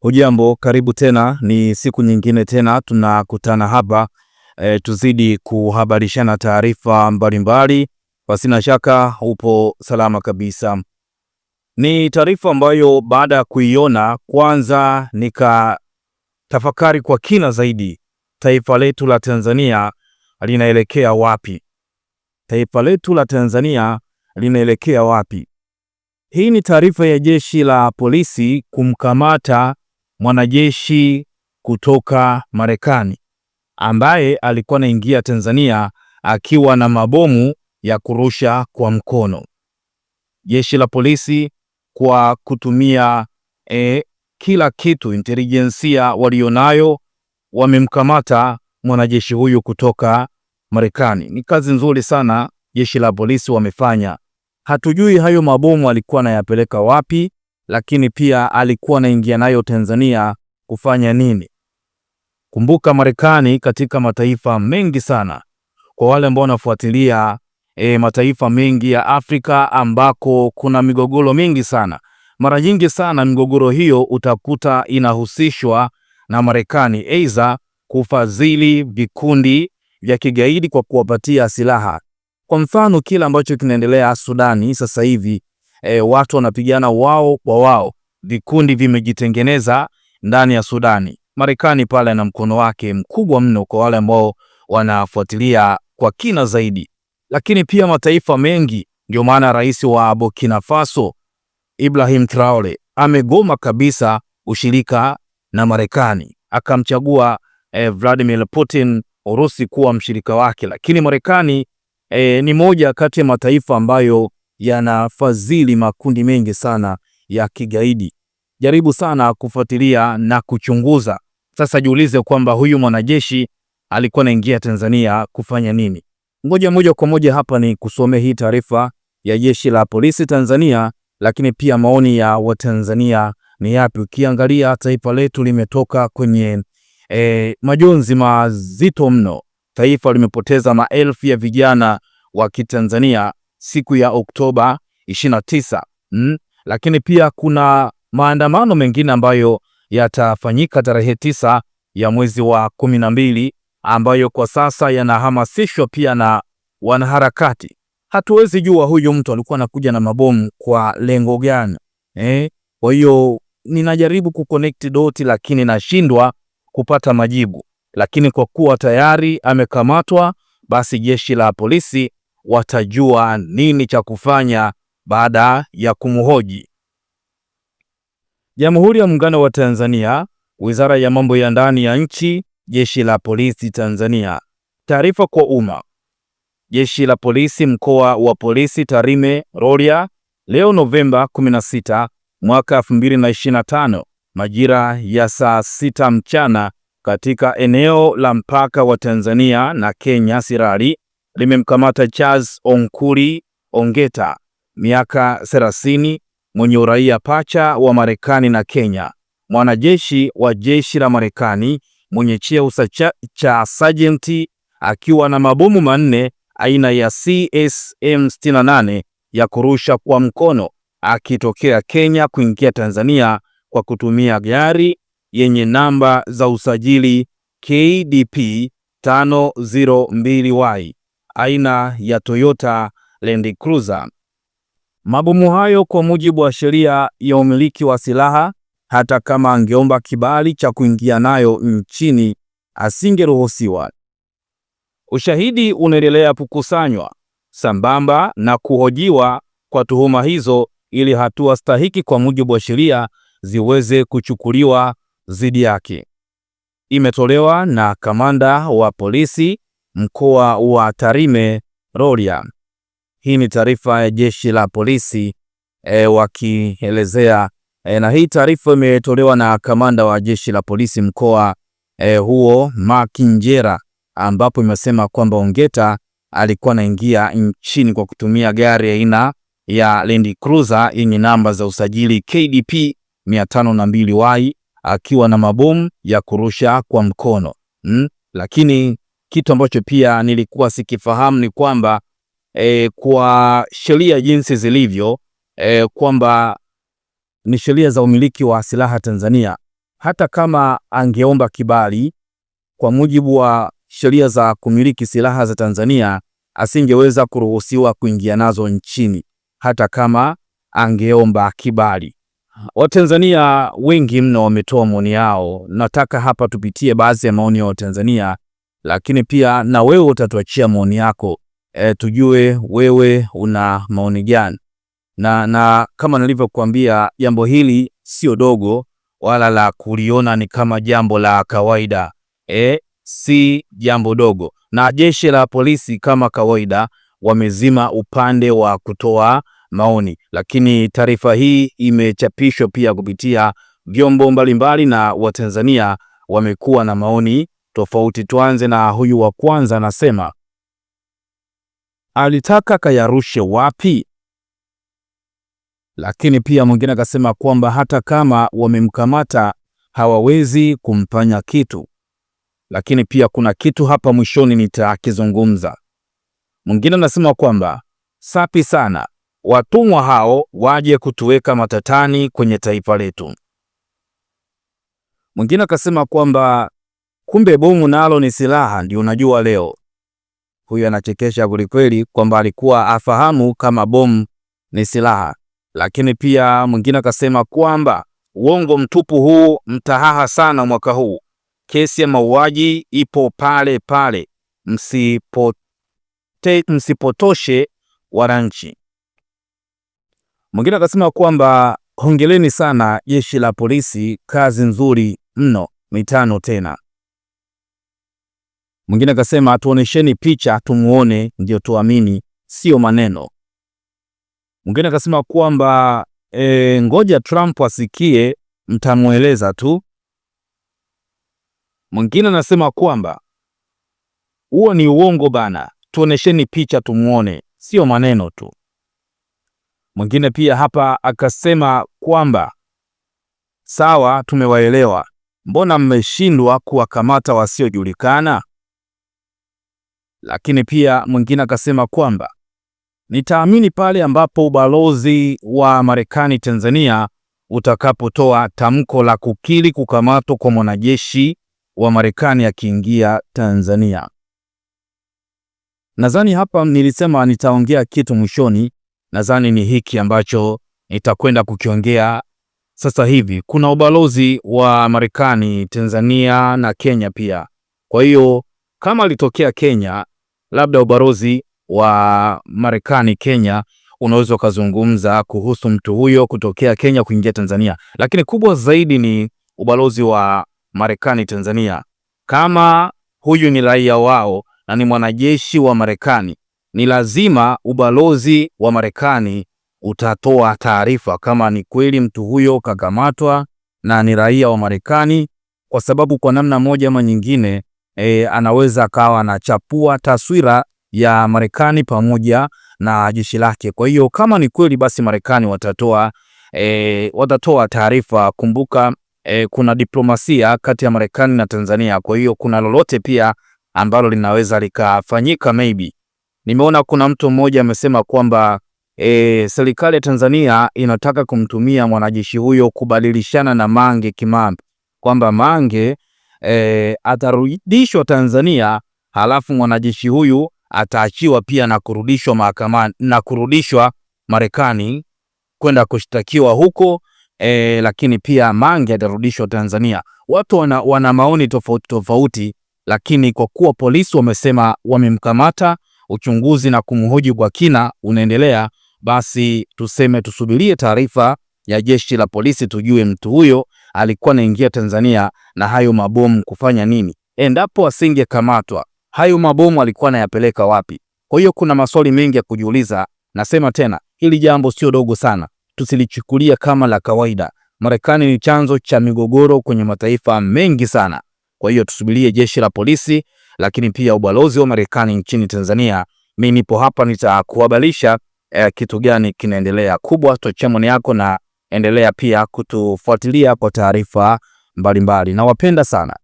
Hujambo, karibu tena, ni siku nyingine tena tunakutana hapa e, tuzidi kuhabarishana taarifa mbalimbali. na shaka upo salama kabisa. Ni taarifa ambayo baada ya kuiona kwanza nikatafakari kwa kina zaidi, taifa letu la Tanzania linaelekea wapi? Taifa letu la Tanzania linaelekea wapi? Hii ni taarifa ya jeshi la polisi kumkamata mwanajeshi kutoka Marekani ambaye alikuwa anaingia Tanzania akiwa na mabomu ya kurusha kwa mkono. Jeshi la polisi kwa kutumia e, kila kitu intelijensia walionayo wamemkamata mwanajeshi huyu kutoka Marekani. Ni kazi nzuri sana jeshi la polisi wamefanya. Hatujui hayo mabomu alikuwa anayapeleka wapi, lakini pia alikuwa anaingia nayo Tanzania kufanya nini? Kumbuka Marekani katika mataifa mengi sana, kwa wale ambao wanafuatilia e, mataifa mengi ya Afrika ambako kuna migogoro mingi sana, mara nyingi sana migogoro hiyo utakuta inahusishwa na Marekani, aidha kufadhili vikundi vya kigaidi kwa kuwapatia silaha. Kwa mfano kile ambacho kinaendelea Sudani sasa hivi e, watu wanapigana wao kwa wao, vikundi vimejitengeneza ndani ya Sudani. Marekani pale na mkono wake mkubwa mno kwa wale ambao wanafuatilia kwa kina zaidi, lakini pia mataifa mengi. Ndio maana rais wa Burkina Faso Ibrahim Traore amegoma kabisa ushirika na Marekani, akamchagua eh, Vladimir Putin Urusi kuwa mshirika wake, lakini Marekani eh, ni moja kati ya mataifa ambayo yanafadhili makundi mengi sana ya kigaidi. Jaribu sana kufuatilia na kuchunguza. Sasa jiulize kwamba huyu mwanajeshi alikuwa anaingia Tanzania kufanya nini? Ngoja moja kwa moja hapa ni kusomea hii taarifa ya jeshi la polisi Tanzania, lakini pia maoni ya Watanzania ni yapi? Ukiangalia taifa letu limetoka kwenye e, majonzi mazito mno. Taifa limepoteza maelfu ya vijana wa Kitanzania siku ya Oktoba 29 mm. Lakini pia kuna maandamano mengine ambayo yatafanyika tarehe tisa ya mwezi wa kumi na mbili ambayo kwa sasa yanahamasishwa pia na wanaharakati. Hatuwezi jua huyu mtu alikuwa anakuja na mabomu kwa lengo gani eh? Kwa hiyo ninajaribu kuconnect doti, lakini nashindwa kupata majibu. Lakini kwa kuwa tayari amekamatwa, basi jeshi la polisi watajua nini cha kufanya baada ya kumhoji. Jamhuri ya Muungano wa Tanzania, Wizara ya Mambo ya Ndani ya Nchi, Jeshi la Polisi Tanzania. Taarifa kwa umma. Jeshi la Polisi Mkoa wa Polisi Tarime Rorya, leo Novemba 16 mwaka 2025 majira ya saa 6 mchana katika eneo la mpaka wa Tanzania na Kenya Sirari limemkamata Charles Onkuri Ongeta miaka 30 mwenye uraia pacha wa Marekani na Kenya, mwanajeshi wa jeshi la Marekani mwenye cheo cha sergeant akiwa na mabomu manne aina ya CSM68 ya kurusha kwa mkono akitokea Kenya kuingia Tanzania kwa kutumia gari yenye namba za usajili KDP 502Y aina ya Toyota Land Cruiser. Mabomu hayo kwa mujibu wa sheria ya umiliki wa silaha, hata kama angeomba kibali cha kuingia nayo nchini asingeruhusiwa. Ushahidi unaendelea kukusanywa sambamba na kuhojiwa kwa tuhuma hizo ili hatua stahiki kwa mujibu wa sheria ziweze kuchukuliwa dhidi yake. Imetolewa na kamanda wa polisi mkoa wa Tarime Rorya. Hii ni taarifa ya jeshi la polisi e, wakielezea e, na hii taarifa imetolewa na kamanda wa jeshi la polisi mkoa e, huo Makinjera, ambapo imesema kwamba Ongeta alikuwa anaingia nchini kwa kutumia gari aina ya Land Cruiser yenye namba za usajili KDP 502Y akiwa na mabomu ya kurusha kwa mkono mm, lakini kitu ambacho pia nilikuwa sikifahamu ni kwamba e, kwa sheria jinsi zilivyo e, kwamba ni sheria za umiliki wa silaha Tanzania, hata kama angeomba kibali kwa mujibu wa sheria za kumiliki silaha za Tanzania asingeweza kuruhusiwa kuingia nazo nchini hata kama angeomba kibali. Watanzania wengi mno wametoa maoni yao. Nataka hapa tupitie baadhi ya maoni ya Watanzania lakini pia na wewe utatuachia maoni yako e, tujue wewe una maoni gani na, na kama nilivyokuambia jambo hili sio dogo wala la kuliona ni kama jambo la kawaida e, si jambo dogo. Na jeshi la polisi kama kawaida wamezima upande wa kutoa maoni, lakini taarifa hii imechapishwa pia kupitia vyombo mbalimbali na Watanzania wamekuwa na maoni tofauti. Tuanze na huyu wa kwanza, anasema alitaka kayarushe wapi, lakini pia mwingine akasema kwamba hata kama wamemkamata hawawezi kumfanya kitu. Lakini pia kuna kitu hapa mwishoni nitakizungumza. Mwingine anasema kwamba sapi sana, watumwa hao waje kutuweka matatani kwenye taifa letu. Mwingine akasema kwamba Kumbe bomu nalo ni silaha, ndio unajua leo. Huyu anachekesha kwelikweli, kwamba alikuwa afahamu kama bomu ni silaha, lakini pia mwingine akasema kwamba uongo mtupu huu, mtahaha sana mwaka huu, kesi ya mauaji ipo pale pale, msipote msipotoshe wananchi. Mwingine akasema kwamba hongereni sana jeshi la polisi, kazi nzuri mno, mitano tena. Mwingine akasema tuonesheni picha tumuone ndio tuamini, sio maneno. Mwingine akasema kwamba e, ngoja Trump asikie, mtamweleza tu. Mwingine anasema kwamba huo ni uongo bana, tuonesheni picha tumuone, sio maneno tu. Mwingine pia hapa akasema kwamba sawa, tumewaelewa, mbona mmeshindwa kuwakamata wasiojulikana? Lakini pia mwingine akasema kwamba nitaamini pale ambapo ubalozi wa Marekani Tanzania utakapotoa tamko la kukiri kukamatwa kwa mwanajeshi wa Marekani akiingia Tanzania. Nadhani hapa nilisema nitaongea kitu mwishoni, nadhani ni hiki ambacho nitakwenda kukiongea sasa hivi. Kuna ubalozi wa Marekani Tanzania na Kenya pia. Kwa hiyo kama litokea Kenya labda ubalozi wa Marekani Kenya unaweza ukazungumza kuhusu mtu huyo kutokea Kenya kuingia Tanzania, lakini kubwa zaidi ni ubalozi wa Marekani Tanzania. Kama huyu ni raia wao na ni mwanajeshi wa Marekani, ni lazima ubalozi wa Marekani utatoa taarifa kama ni kweli mtu huyo kakamatwa na ni raia wa Marekani, kwa sababu kwa namna moja ama nyingine e, anaweza akawa anachapua taswira ya Marekani pamoja na jeshi lake. Kwa hiyo kama ni kweli basi Marekani watatoa e, watatoa taarifa. Kumbuka e, kuna diplomasia kati ya Marekani na Tanzania, kwa hiyo kuna lolote pia ambalo linaweza likafanyika. Maybe nimeona kuna mtu mmoja amesema kwamba e, serikali ya Tanzania inataka kumtumia mwanajeshi huyo kubadilishana na Mange Kimambi, kwamba Mange e, atarudishwa Tanzania, halafu mwanajeshi huyu ataachiwa pia na kurudishwa mahakamani na kurudishwa Marekani kwenda kushtakiwa huko e, lakini pia Mange atarudishwa Tanzania. Watu wana, wana maoni tofauti tofauti, lakini kwa kuwa polisi wamesema wamemkamata, uchunguzi na kumhoji kwa kina unaendelea, basi tuseme tusubirie taarifa ya jeshi la polisi tujue mtu huyo alikuwa anaingia Tanzania na hayo mabomu kufanya nini? Endapo asingekamatwa, hayo mabomu alikuwa anayapeleka wapi? Kwa hiyo kuna maswali mengi ya kujiuliza. Nasema tena, hili jambo sio dogo sana, tusilichukulia kama la kawaida. Marekani ni chanzo cha migogoro kwenye mataifa mengi sana. Kwa hiyo tusubirie jeshi la polisi, lakini pia ubalozi wa Marekani nchini Tanzania. Mimi nipo hapa, nitakuhabarisha eh, kitu gani kinaendelea kubwa. tochemoni yako na endelea pia kutufuatilia kwa taarifa mbalimbali, na wapenda sana.